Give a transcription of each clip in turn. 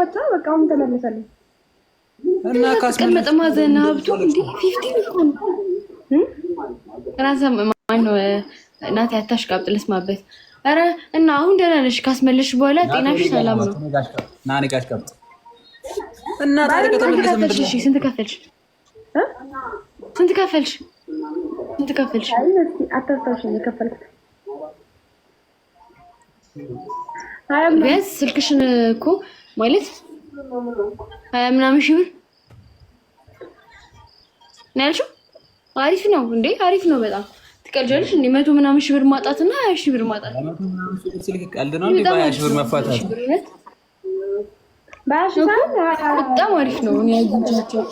አልኳቸው። በቃ አሁን ተመለሰልኝ እና ካስቀመጠ ማዘን ሀብቱ እንዴ ፊፍቲ ቢሆን ራሰ ማነው እናቴ አታሽቃብጥ፣ ልስማበት። ኧረ እና አሁን ደህና ነሽ? ካስመለሽ በኋላ ጤናሽ ሰላም ነው? ና እኔ ጋር አሽቃብጥ እና ታሪክ ተመለሰ። ምንድን ነው ስንት ከፈልሽ? ስንት ከፈልሽ? ስንት ከፈልሽ? አታስታውሽም የከፈልኩት ቢያንስ ስልክሽን እኮ ማለት ሀያ ምናምን ሺህ ብር ነው ያልሽው? አሪፍ ነው እንዴ? አሪፍ ነው በጣም ትቀልጃለሽ እንዴ? መቶ ምናምን ሺህ ብር ማጣትና ሀያ ሺህ ብር ማጣት በጣም አሪፍ ነው። እኔ አግኝቻቸው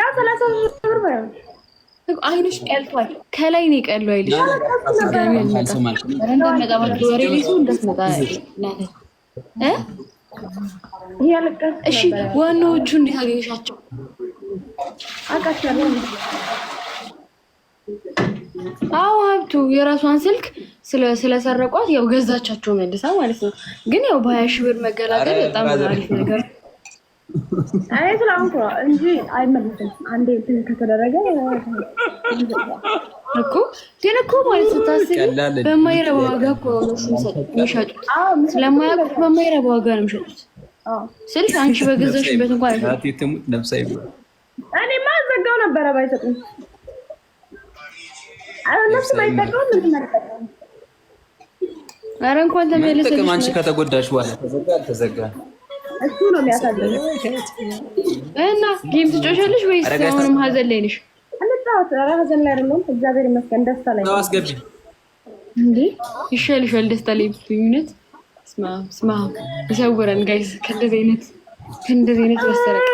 ያው ሰላሳ ሺህ ብር አይንሽ ቀልቷል። ከላይ ነው አይልሽ ዋናዎቹ እንዴት አገኘሻቸው? አዎ ሀብቱ የራሷን ስልክ ስለሰረቋት ያው ገዛቻቸው መልሳ ማለት ነው። ግን ያው በሀያ ሺህ ብር መገላገል በጣም አሪፍ ነገር አይ ስላንኩ እንጂ አይመለስም። አንዴ እንትን ከተደረገ እኮ ግን እኮ ማለት ስታስቢ በማይረባ ዋጋ እኮ ነው የሚሸጡት። ስለማያውቁት በማይረባ ዋጋ ነው የሚሸጡት ስልሽ አንቺ በገዛሽበት እንኳን ነበረ ባይሰጡኝ ባይጠቀሙ ምን ኧረ እንኳን ተመለሰ። አንቺ ከተጎዳሽ በኋላ ተዘጋ አልተዘጋ እሱ ነው የሚያሳዝነው። እና ጌም ትጮሻለሽ ወይስ አሁንም ሀዘን ላይ ነሽ? እንጫወት። ኧረ ሀዘን ላይ አይደለሁም፣ እግዚአብሔር ይመስገን ደስታ ላይ አስገቢ እንዴ ይሻልሻል። ደስታ ላይ ስማ ስማ፣ ይሰውረን ከእንደዚህ አይነት አይነት መሰረቅ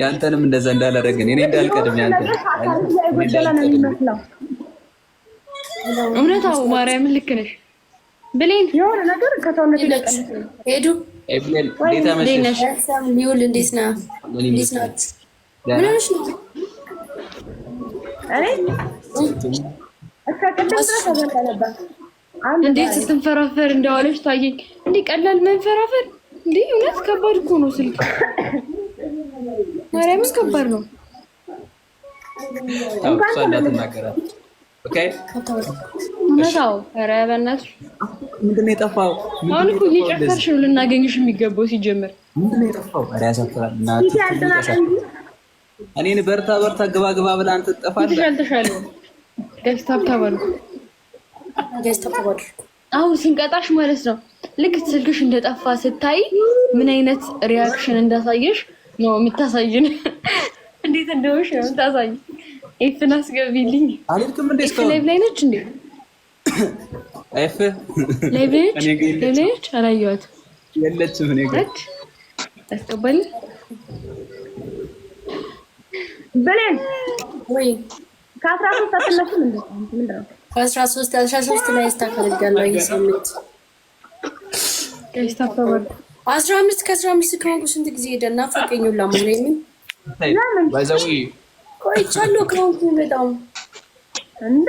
ያንተንም እንደዛ እንዳላደረግን እኔ እንዳልቀድም ያንተ እውነታው ማርያምን ልክ ነሽ። ብሌን የሆነ ነገር ከሰውነት ሄዱ እንዴት ስትንፈራፈር እንደዋለች ታየኝ። እንዲህ ቀላል መንፈራፈር እንዲህ እውነት ከባድ እኮ ነው። ስልክ ማርያምን ከባድ ነው። እንዳትናገራት ኧረ በእናትሽ ምንድን ነው የጠፋው? አሁን እኮ እየጨፈርሽ ነው ልናገኝሽ የሚገባው ሲጀምር ምንድን ነው የጠፋው? ያሳፍራል። እኔን በርታ በርታ ግባ ግባ ብላ አንተ ትጠፋለህ። አልተሻለ ጋሽ አሁን ስንቀጣሽ ማለት ነው ልክ ስልክሽ እንደጠፋ ስታይ ምን አይነት ሪያክሽን እንዳሳየሽ ነው የምታሳይን። እንዴት እንደሆንሽ ነው የምታሳይ። ኤፍን አስገቢልኝ። አልልክም እንዴ ስለ ላይ ነች እንዴ ኤፍ ሌብሬጅ አላየኋት የለችም። እኔ ጋር ታስቀባል ብለን ወይ ከአስራ ሶስት አትነሱም እንዴ? ከአስራ ሶስት አስራ ሶስት ላይ ስታፈልጋለሁ እየሰምት ስታፈባል አስራ አምስት ከአስራ አምስት ከሆንኩ ስንት ጊዜ ሄደ እና ፈቀኙላ መሆኔምን ባይዛዊ ቆይቻለሁ ከሆንኩ በጣም እንደ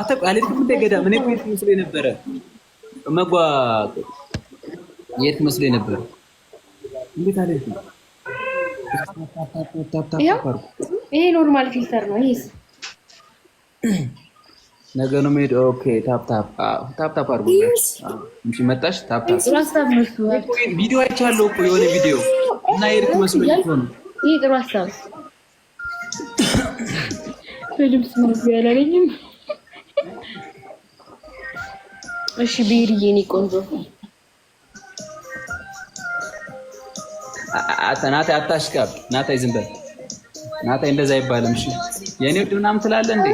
አልሄድክም እንደ ገዳም። እኔ እኮ የሄድክ የነበረ መጓ የት መስሎኝ የነበረ እንዴት አልሄድክም? ይሄ ኖርማል ፊልተር ነው። ይሄ ነገ ነው የምሄደው። ኦኬ ታፕ ታፕ ታፕ ታፕ አድርጎ እንጂ መጣሽ። ታፕ ታፕ ቪዲዮ አይቻለሁ እኮ የሆነ ቪዲዮ እና የሄድክ መስሎኝ ነው። ይሄ ጥሩ ሀሳብ በድምፅ ነው ያላለኝም እሺ ብሄድዬ፣ የኔ ቆንጆ ናታይ፣ አታሽቃብ ናታይ፣ ዝም በል ናታይ፣ እንደዛ አይባልም። እሺ የኔ ውድ ምናምን ትላለህ እንዴ?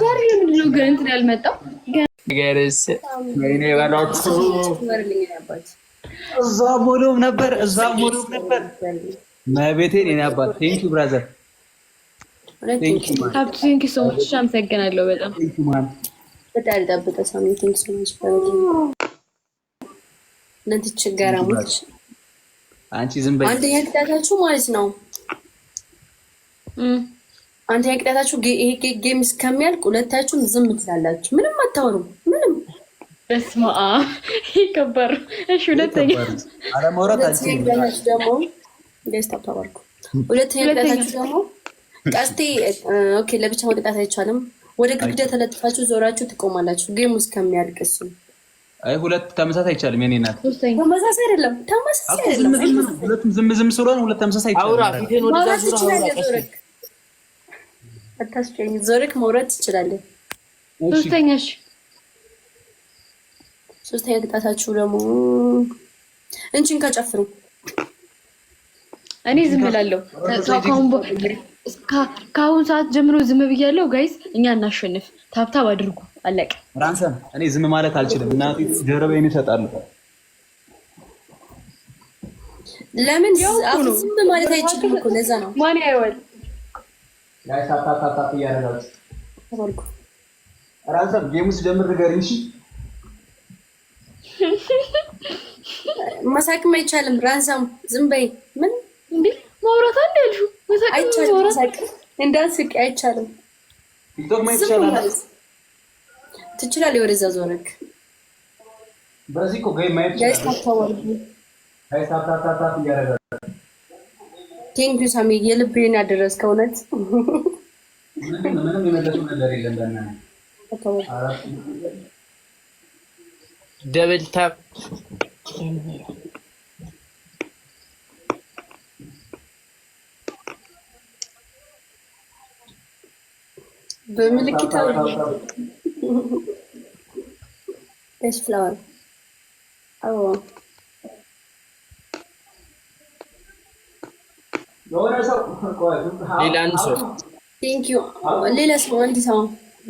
ዛሬ ምንድን ነው ግን እንትን ያልመጣው ገርስ ወይኔ በላችሁ። እዛ ሙሉም ነበር፣ እዛ ሙሉም ነበር መቤቴን የኔ አባት ቴንኪ ብራዘር አመሰግናለሁ። በጣም በጣም ጠብቀ እናንተ ችጋራሞች አንቺ ዝም በይ። አንደኛ ቅጣታችሁ ማለት ነው አንደኛ ቅጣታችሁ ይሄ ጌም እስከሚያልቅ ሁለታችሁም ዝም ትላላችሁ። ምንም አታወሩም። ምንም በስመ አብ እሺ ሁለተኛ አለመውረት አልችልም ደግሞ ገስት አብታባርኩ ሁለተኛ ቅጣታችሁ ደግሞ ቀስቴ ለብቻ መቅጣት አይቻልም። ወደ ግድግዳ ተለጥፋችሁ ዞራችሁ ትቆማላችሁ። ጌሙ እስከሚያልቅ እሱ አይ ሁለት ተመሳሳይ አይቻልም። የኔ ናት ተመሳሳይ አይደለም። ተመሳሳይ አይደለም። ሁለቱም ዝም ዝም ስለሆነ ሁለት ተመሳሳይ አይቻልም። ዞርክ መውረድ ትችላለህ። ሶስተኛ ሶስተኛ ቅጣታችሁ ደግሞ እንቺን ካጨፍሩ እኔ ዝም እላለሁ። ከአሁን ሰዓት ጀምሮ ዝም ብያለሁ። ጋይስ እኛ እናሸንፍ፣ ታብታብ አድርጉ። አለቀ። ራንሰም እኔ ዝም ማለት አልችልም። እና ጀርባዬን እሰጣለሁ። ለምን ዝም ማለት አይችልም ለዛ ነው። ማን ያየዋል? ጋይስ አታታታፍ እያደረጋችሁ ራንሰም ንገሪኝ እሺ። መሳቅም አይቻልም። ራንሰም ዝም በይ ምን እንዴ ማውራት አንድ ያልሹ እንዳትስቂ አይቻልም። ትችላለህ። ወደዛ ዞረክ በዚህ እኮ ገይ ማየት ቴንክ ዩ ሳሚ፣ የልብን ያደረስክ እውነት። ምንም የመለሱ ነገር የለም። ደብል ታፕ በምልክት ደስ ብለዋል። ሌላ ሰው አንድ ሰው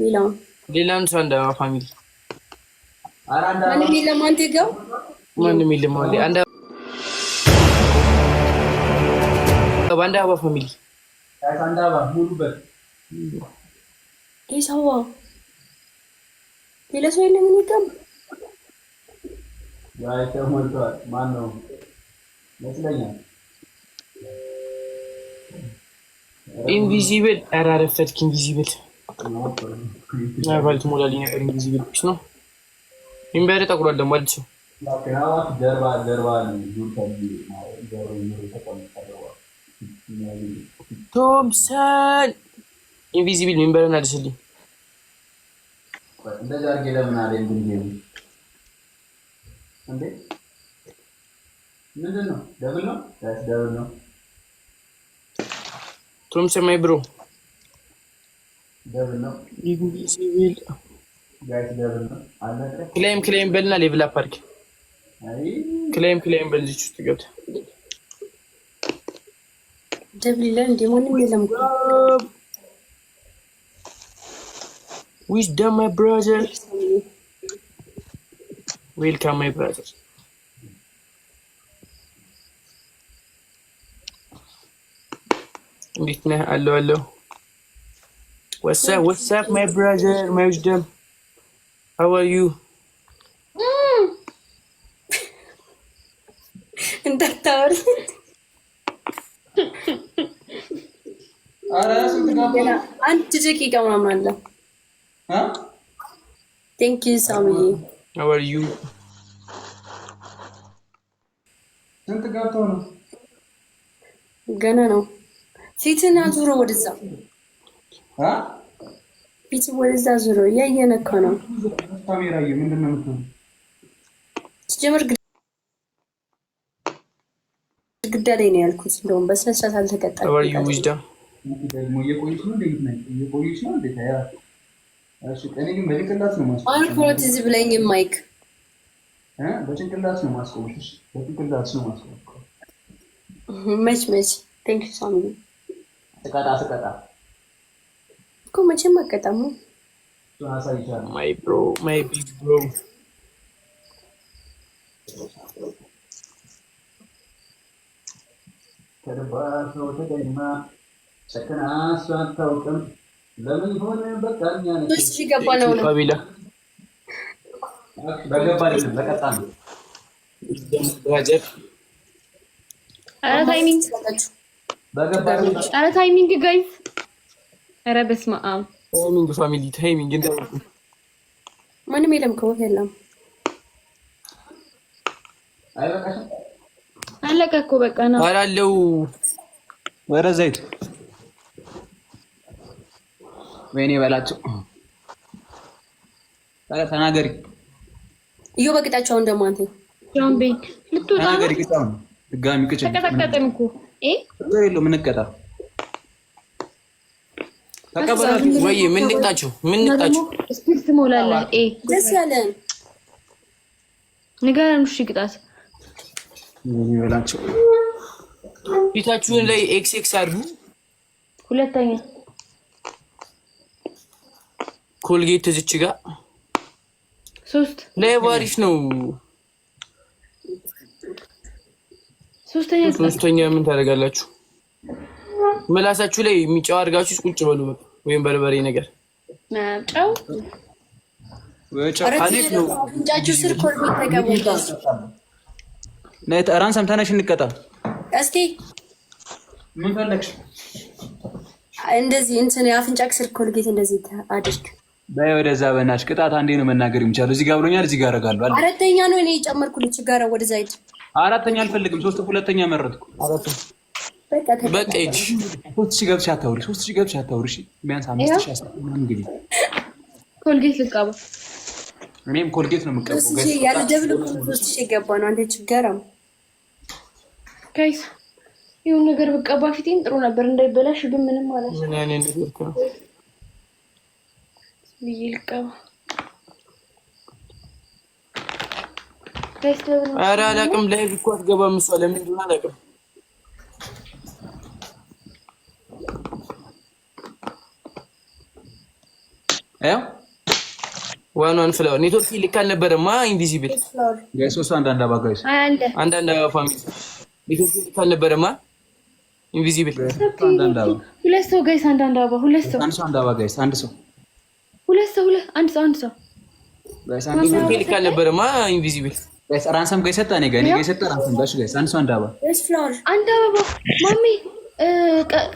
ሌላውን ሌላን ሰው አንዳማ ፋሚሊ ማንም የለም። አንተ ጋር ማንም የለም። አንዳባ ፋሚሊ ይሰዋ ሌላ ሰው የለም። ይቀም ያ ተሞልቷል። ማን ነው መስለኛል። ኢንቪዚብል ኧረ አረፈድክ። ኢንቪዚብል ባልት ሞላልኝ ነገር ኢንቪዚብል ስ ነው ሚንበር ጠቁሯል። ደግሞ አዲሱ ቶምሰን ኢንቪዚብል ሚንበርን አድስልኝ። እንደዚህ አድርጌ ለምን አለ እንዴ? ምንድን ነው? ደብል ነው፣ ደብል ነው። ቶም ሰማይ ብሮ ደብል ነው። ኢንቪዚብል ጋይስ ደብል ነው። ክሌም ክሌም በልና ሌቭል አፕ አይ ክሌም ክሌም በል ልጅ ውስጥ ገብተህ ደብል ይላል እንደ ማንም የለም Wisdom, my brother. Welcome, my brother. Listen, hello, hello. What's up? What's up, my brother? My wisdom. How are you? Mm. Doctor. አንድ ጥቂት ቀማማለሁ። ቴንክ ዩ ሳሚዬ። ሃው አር ዩ? ስንት ገብቶ ነው? ገና ነው። ፊትን አዙሮ ወደዛ፣ ፊት ወደዛ ዙሮ እያየነካ ነው። ሲጀምር ግድግዳ ላይ ነው ያልኩት። እንደውም በስነስርዓት አልተቀጣ ማርኮት እዚህ ብለኝ ማይክ በጭንቅላት ነው ማስቆምሽ። በጭንቅላት ነው ማስቆምሽ። መች መች ቴንክ ዩ ሳሚ ስቀጣ ስቀጣ እኮ መቼም አቀጣሙ ማይ ብሮ ማይ ቢግ ብሮ ተደባሽ ነው ተገኝማ ሰከና እሷ አታውቅም ኧረ ታይሚንግ ጋይዝ፣ ኧረ በስመ አብ ታይሚንግ ፋሚሊ ታይሚንግ ምንም የለም፣ ከወት የለም። አለቀ እኮ በቃ ነው አላለው ወረ ዘይት ወይኔ በላቸው። ኧረ ተናገሪ እዩ በቅጣቸው። አሁን ደግሞ አንተ ድጋሚ ቅጭ እኮ የለውም እንቀጣ ተቀበላችሁ ወይ? ምን ምን ስፒል ደስ ያለን ንገረን። እሺ ቅጣት ፊታችሁን ላይ ኤክስ ኤክስ አድርጉ። ሁለተኛ ኮልጌት እዚች ጋር ሶስት አሪፍ ነው። ሶስተኛ ምን ታደርጋላችሁ? ምላሳችሁ ላይ የሚጫው አድርጋችሁ ቁጭ በሉ ወይም በርበሬ ነገር ጫው ሰምተነሽ እንቀጣ እንደዚህ የአፍንጫ ኮልጌት እንደዚህ አድርግ በይ ወደዛ በናትሽ ቅጣት አንዴ ነው መናገር የሚቻለው። እዚህ ጋር ብሎኛል፣ እዚህ ጋር አደርጋለሁ። አራተኛ ነው እኔ የጨመርኩልህ ጋር ወደዛ ሂድ። አራተኛ አልፈልግም፣ ሶስት ሁለተኛ መረጥኩ። በቃ ሂድ። ሶስት ሺህ ገብቼ አታውሪ፣ ሶስት ሺህ ገብቼ አታውሪ። እሺ፣ ቢያንስ አምስት ሺህ አስተምር። እንግዲህ ኮልጌት ልቃባ፣ እኔም ኮልጌት ነው የምቀባው። ያለ ደብል ሶስት ሺህ ገባ ነው አንዴ ችጋራ ከይስ ይሁን ነገር ብቀባ ፊቴም ጥሩ ነበር እንዳይበላሽ ግን ምንም ማለት ነው ብዬ ልቀባ። ኧረ አላውቅም። ላይቭ እኮ አትገባም እሷ ለምን እንደሆነ አላውቅም። ያው ዋናውን ፍላወር ኔትወርክ አልነበረማ። ኢንቪዚብል አንዳንድ አንዳንድ ኔትወርክ አልነበረማ። ኢንቪዚብል ሁለት ሰው ጋይስ፣ አንዳንድ አባ ሁለት ሰው አንድ ሰው አንድ አንድ ሰው ሁለት ሰው ሁለት አንድ ሰው አንድ ሰው ኢንቪዚብል ራንሰም ጋር የሰጠ እኔ ጋር እኔ የሰጠ ራንሰም ጋር ጋር አንድ ሰው አንድ አበባ አንድ አበባ ማሚ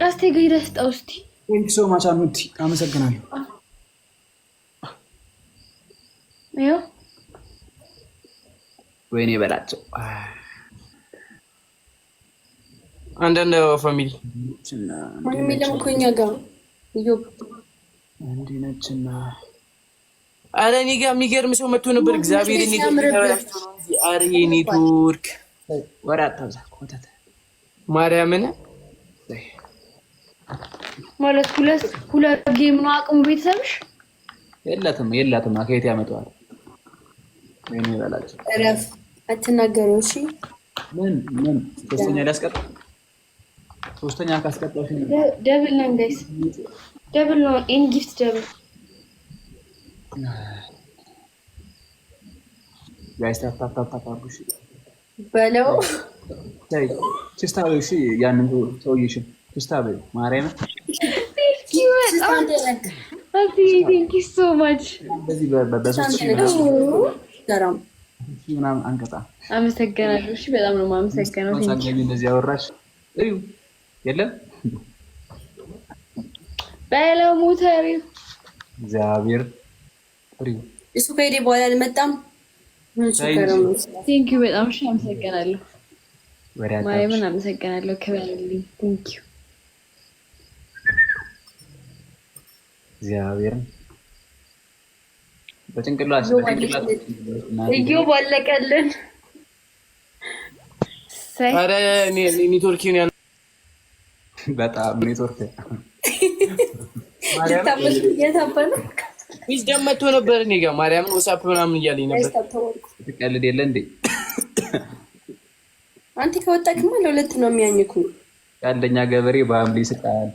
ቀስቴ ጋር ሄደህ ስጠው ቴንክ ሶ ማች አመሰግናለሁ። ይኸው ወይኔ በላቸው። አንዳንድ ፋሚሊ ሚለም እኮ እኛ ጋር እንዲህ ነች እና አረ እኔ ጋ የሚገርም ሰው መጥቶ ነበር። እግዚአብሔር አረ ኔትወርክ ወሬ አታብዛ ኮተተ ማርያምን ማለት ሁለት ሁለት ጌም ነው አቅሙ። ቤተሰብሽ የላትም የላትም። ከየት ያመጣዋል? ወይኔ በላቸው። እረፍ አትናገሩ። እሺ ምን ምን ሶስተኛ ሊያስቀጣ ሶስተኛ ካስቀጣሽ ደብል ነው እንዴስ ደብል ነው። ኤን ጊፍት ደብል በለው ችስታ በይው። እሺ ያንን ሰውዬሽን ችስታ በይው። ማርያምን አንቀጣ። አመሰግናለሁ። እሺ በጣም ነው የማመሰግነው። እንደዚህ ያወራሽ የለም ቀለሙ ተሪው እግዚአብሔር እሱ ከሄደ በኋላ አልመጣም። ቴንኪዩ በጣም እሺ፣ አመሰግናለሁ። ማርያምን አመሰግናለሁ። ክበልልኝ። ቴንኪዩ እግዚአብሔርን በጭንቅላት እየው ባለቀልን ኔትወርኪን በጣም ኔትወርክ ዊዝደም መጥቶ ነበር እኔ ጋር ማርያምን ወሳፕ ምናምን እያለኝ ነበር። ትቀልድ የለ እንዴ አንተ ከወጣክማ ለሁለት ነው የሚያኝኩ። የአንደኛ ገበሬ በሐምሌ ስቃል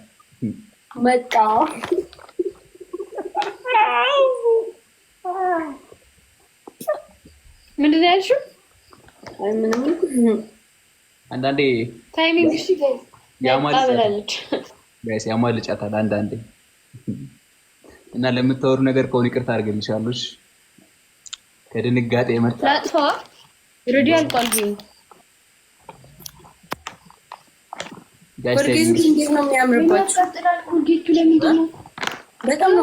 መጣ ምንድን ነው ያልሽው? አንዳንዴ ታይሚንግ ያማልጫታል አንዳንዴ እና ለምታወሩ ነገር ከሆነ ይቅርታ አድርገልሻለሁ። ከድንጋጤ የመጣ ሬዲ አልቋል። ነው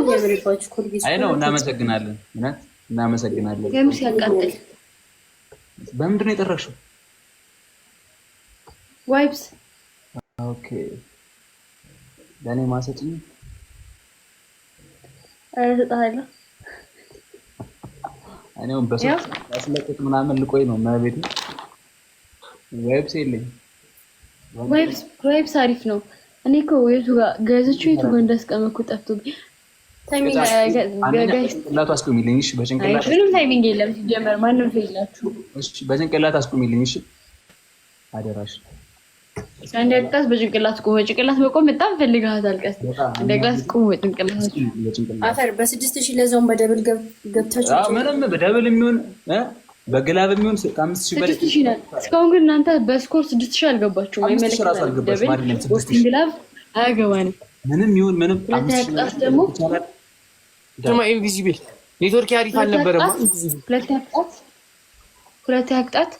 አይ ነው። እናመሰግናለን፣ እውነት እናመሰግናለን። ገምስ ያቃጥል። በምንድን ነው ዋይፕስ ኦኬ። ለእኔ ማሰጭኝ እኔውም በሶስት ምናምን ልቆይ ነው ዌብስ የለኝ። ዌብስ አሪፍ ነው። እኔ እኮ ዌብቱ ጋር ገዝቼው የቱ ጋር እንዳስቀመጥኩ ጠፍቶብኝ። ጭንቅላቱ አስቁሚልኝ። እሺ፣ በጭንቅላት ምንም ታይሚንግ የለም ሲጀመር። ማንም በጭንቅላት አስቁሚልኝ። እሺ፣ አደራሽ አንድ ቅጣት በጭንቅላት ቁም፣ በጭንቅላት መቆም በጣም ፈልግሃታል። ቀስ አንድ ቅጣት ቁም፣ በጭንቅላት አፈር በስድስት ሺህ ለዛውም በደብል ገብታችሁ ምንም በደብል የሚሆን በግላብ የሚሆን ከአምስት ሺህ በላይ እስካሁን ግን እናንተ በስኮር ስድስት ሺህ አልገባችሁም። አይመለከትም። ግላብ አያገባንም። ምንም ይሁን ምንም ቅጣት ደግሞ ኢንቪዚብል ኔትወርክ ያሪፍ አልነበረም። ሁለተኛ ቅጣት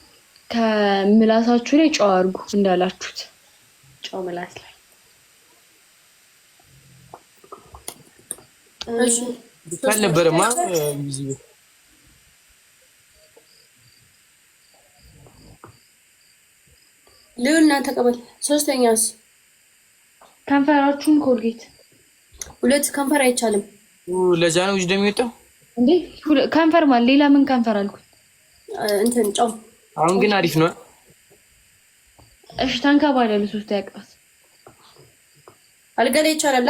ከምላሳችሁ ላይ ጨው አድርጉ እንዳላችሁት ጨው ምላስ ላይ አልነበረማ ልዩና ተቀበል። ሶስተኛስ ከንፈራችሁን ኮልጌት ሁለት ከንፈር አይቻልም። ለዛ ነው እጅ ደም የሚወጣው እንዴ? ከንፈር ማለት ሌላ ምን ከንፈር አልኩኝ። እንትን ጨው አሁን ግን አሪፍ ነው። እሺ ታንከባለሉ ሶስት ያቀስ አልጋ ላይ ይቻላል።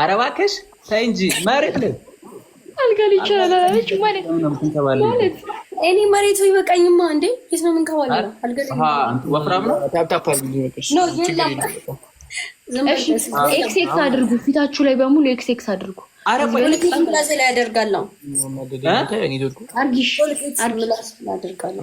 ኧረ እባክሽ ተይ እንጂ መሬት ላይ አልጋ ላይ ይቻላል አለች ማለት ማለት እኔ መሬቱ ይበቃኝማ እንዴ! የት ነው የምንከባለለው? አልጋ አሃ ወፍራም ነው ታታፋል ነው የለም። እሺ ኤክስ ኤክስ አድርጉ፣ ፊታችሁ ላይ በሙሉ ኤክስ ኤክስ አድርጉ። አረ ወልክ ምላስ ላይ ያደርጋለሁ። አርጊሽ አርጊሽ ምላስ ላይ ያደርጋለሁ።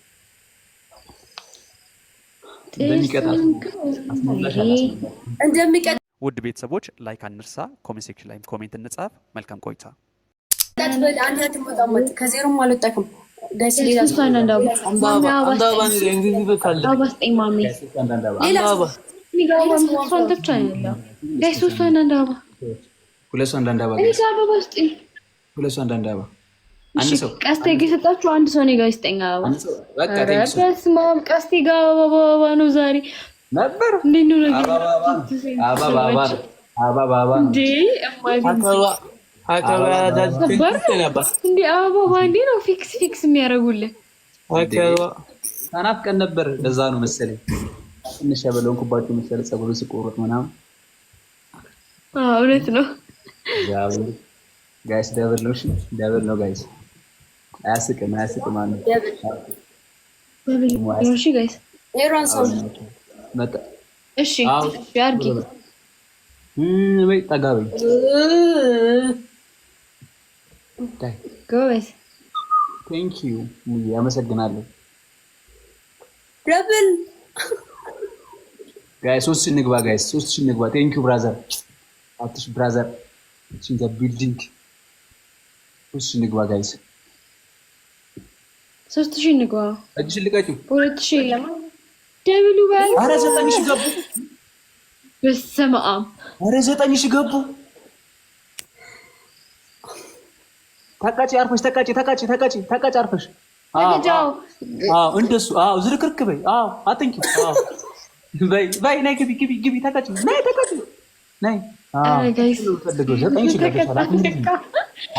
ውድ ቤተሰቦች ላይክ አንርሳ፣ ኮሜንት ሴክሽን ላይ ኮሜንት እንጻፍ። መልካም ቆይታ። ከዜሮም አልወጣክም። ሁለት ሰው አንዳንድ አበባ ቀስቴ የሰጣችሁ አንድ ሰው እኔ ጋር ይስጠኝ። ቀስቴ ጋር አበባ ነው ዛሬ ነበር። እንዴት ነው ነገር ነው ፊክስ ፊክስ የሚያደርጉልን? ተናፍቀን ነበር። ለዛ ነው መሰለኝ ትንሽ ያበለንኩባቸው መሰለኝ ፀጉር ስቆረጥ ምናምን። እውነት ነው ጋይስ፣ ደብል ነው ጋይስ። አያስቅም፣ አያስቅም። አመሰግናለሁ። ደብል ጋይ ሶስት ንግባ፣ ጋይ ሶስት ንግባ። ቴንክ ዩ ብራዘር፣ አትሽ ብራዘር፣ ቢልዲንግ ሶስት ንግባ ጋይስ ሶስት ሺ ንግባ እጅሽን ልቀቂው። ሁለት ሺ የለም ደብሉ በል። ኧረ ዘጠኝ ሺ ገቡ። በስመ አብ ኧረ ዘጠኝ ሺ ገቡ። ተቃጭ አርፈሽ ተቃጭ ተቃጭ ተቃጭ ተቃጭ አርፈሽ እንደሱ ዝርክርክ በይ። አትንኪ በይ በይ። ነይ ግቢ ግቢ ግቢ ተቃጭ ነይ ተቃጭ ነይ ፈልገው ዘጠኝ ሺ ገቡ።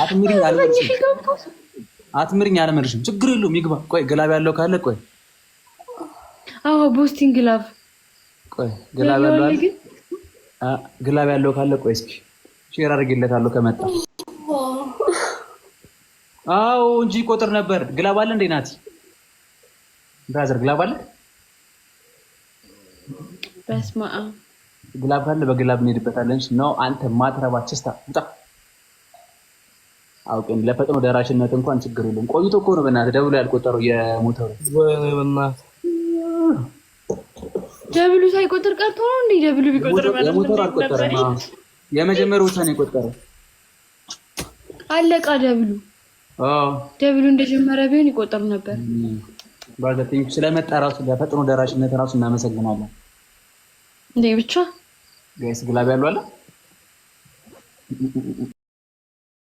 አትሚሪ አለ አትምርኝ አለመርሽም ችግር የለውም ይግባ። ቆይ ግላብ ያለው ካለ ቆይ፣ አዎ ቦስቲን ግላብ፣ ቆይ ግላብ ያለው ግላብ ያለው ካለ ቆይ፣ እስኪ ሼር አድርጌለታለሁ ከመጣ። አዎ እንጂ ቆጥር ነበር። ግላብ አለ እንዴ? ናት ብራዘር ግላብ አለ። በስመ አብ ግላብ ካለ በግላብ እንሄድበታለን። ነው አንተ ማትረባ ችስታ ውጣ አውቅም ለፈጥኖ ደራሽነት እንኳን ችግር የለም። ቆይቶ እኮ ነው በእናትህ ደብሎ ያልቆጠረው የሞተሩ ደብሉ ሳይቆጥር ቀርቶ ነው እንዴ? ደብሉ ቢቆጥር የሞተሩ አልቆጠረም። የመጀመሪያው ውሳኔ የቆጠረ አለቃ ደብሉ። ደብሉ እንደጀመረ ቢሆን ይቆጠሩ ነበር። ባገኝ ስለመጣ ራሱ ለፈጥኖ ደራሽነት ራሱ እናመሰግናለን። እንዴ ብቻ ጋይስ ግላብ ያሉ አለ